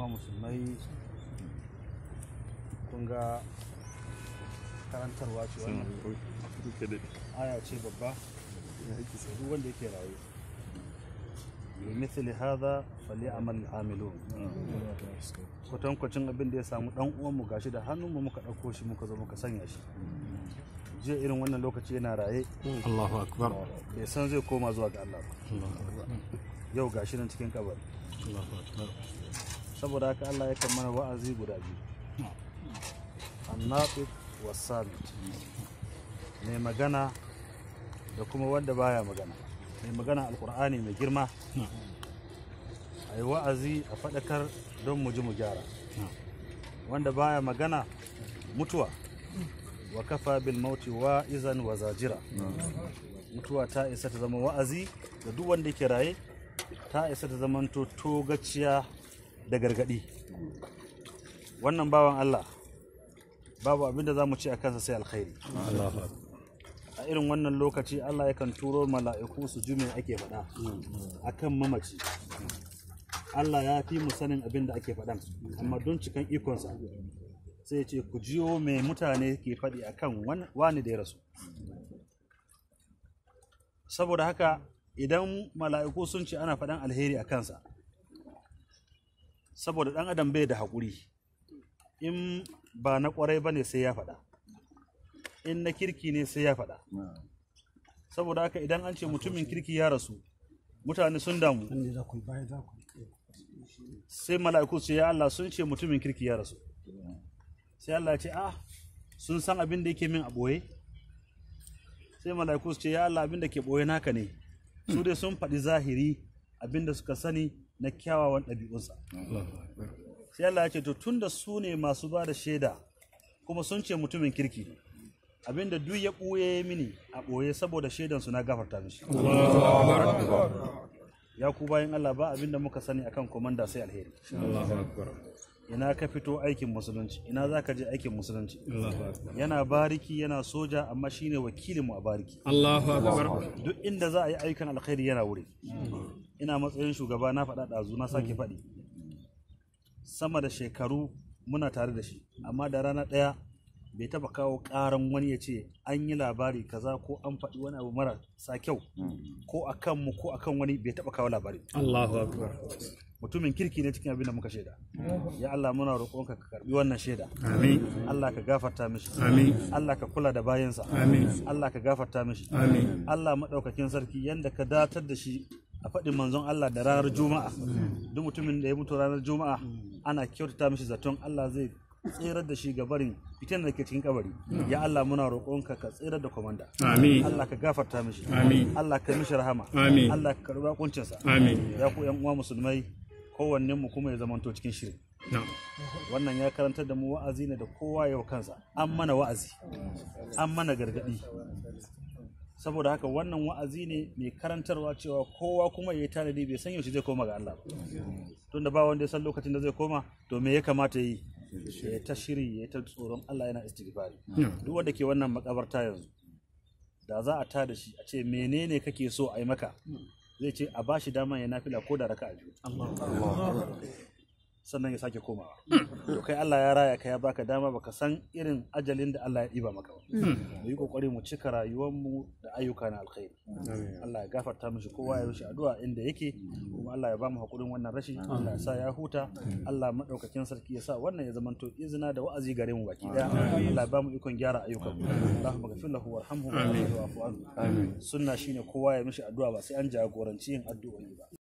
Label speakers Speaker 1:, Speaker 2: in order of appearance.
Speaker 1: kuma musulmai kun ga karantarwa ce wannan aya ce babba duk wanda yake raye misali haza fali amal amilu kwatankwacin abin da ya samu dan mu gashi da hannun mu muka dauko shi muka zo muka sanya shi jiya irin wannan lokaci yana raye Allahu akbar bai san zai koma zuwa ga Allah ba yau gashi nan cikin kabari Allahu akbar saboda haka Allah ya kan mana wa'azi guda biyu annatiq wa samit mai magana da kuma wanda baya magana mai magana Alqur'ani mai girma Ai wa'azi a faɗakar don mu ji mu gyara wanda baya magana mutuwa wa kafa bil mauti wa izan wa zajira mutuwa ta isa ta zama wa'azi da duk wanda ke raye ta isa ta zama to togaciya da gargadi wannan bawan Allah babu abinda da za mu ce a kansa sai alkhairi a irin wannan lokaci Allah yakan turo mala'iku su jume ake faɗa a kan mamaci Allah ya fi mu sanin abin da ake faɗan amma don cikan ikonsa sai ce ku jiyo mai mutane ke faɗi a wani da ya rasu saboda haka idan mala'iku sun ce ana faɗan alheri a kansa saboda ɗan adam bai da haƙuri in ba na ƙwarai ba ne sai ya faɗa in na kirki ne sai ya faɗa saboda haka idan an ce mutumin kirki ya rasu mutane sun damu sai mala'iku ce ya Allah sun ce mutumin kirki ya rasu sai Allah ce ah sun san abin da yake min a ɓoye sai mala'iku ce ya Allah abin da ke ɓoye naka ne su dai sun faɗi zahiri abin da suka sani na kyawawan ɗabi'unsa sai Allah ya ce to tunda su ne masu ba da shaida kuma sun ce mutumin kirki abinda duk ya ɓoye mini a ɓoye saboda su na gafarta mishi ya ku bayan Allah ba abinda muka sani akan komanda sai alheri ina ka fito aikin musulunci ina za ka je aikin musulunci yana bariki yana soja amma shine wakilinmu a bariki duk inda za a yi aikin alkhairi yana wuri ina matsayin shugaba na faɗa ɗazu na sake faɗi sama da shekaru muna tare da shi amma da rana ɗaya bai taba kawo ƙaran wani ya ce an yi labari kaza ko an faɗi wani abu mara sa kyau ko a kanmu ko a kan wani bai taba kawo labari Allahu akbar mutumin kirki ne cikin abin da muka shaida ya Allah muna roƙonka ka karbi wannan shaida amin Allah ka gafarta mishi amin Allah ka kula da bayansa amin Allah ka gafarta mishi amin Allah madaukakin sarki yanda ka datar da shi a faɗin manzon Allah da ranar juma'a duk mutumin da ya mutu ranar juma'a ana kyautata mishi zaton Allah zai tsirar da shi gabarin fitan da ke cikin kabari ya Allah muna roƙonka ka tsirar da komanda amin Allah ka gafarta mishi amin Allah ka mishi rahama amin Allah ka karba kuncinsa amin ya ku yan uwa musulmai kowannen mu kuma ya zamanto cikin shirin wannan ya karantar da mu wa'azi ne da kowa yau kansa an mana wa'azi an mana gargadi saboda haka wannan wa'azi ne mai karantarwa cewa kowa kuma ya yi tanadi bai san yaushe zai koma ga Allah tunda ba wanda ya san lokacin da zai koma to me ya kamata yi ya ta shiri ya ta tsoron Allah yana istighfari duk wanda ke wannan makabarta yanzu da za a tada shi a ce menene kake so a yi maka zai ce a bashi daman ya nafila ko da raka'a biyu sannan ya sake komawa to kai Allah ya raya ka ya baka dama baka san irin ajalin da Allah ya ɗiba maka ba hmm. mu yi kokari mu cika rayuwar mu da ayyuka na alkhairi Allah ya gafarta mishi kowa ya rushe addu'a inda yake kuma Allah ya ba mu hakurin wannan rashi Allah ya sa ya huta Allah madaukakin sarki ya sa wannan ya zamanto izina da wa'azi gare mu baki daya Allah ya ba mu ikon gyara ayyukan mu Allahumma ghafir lahu warhamhu wa afu sunna shine kowa ya mishi addu'a ba sai an jagoranci yin addu'o'i ba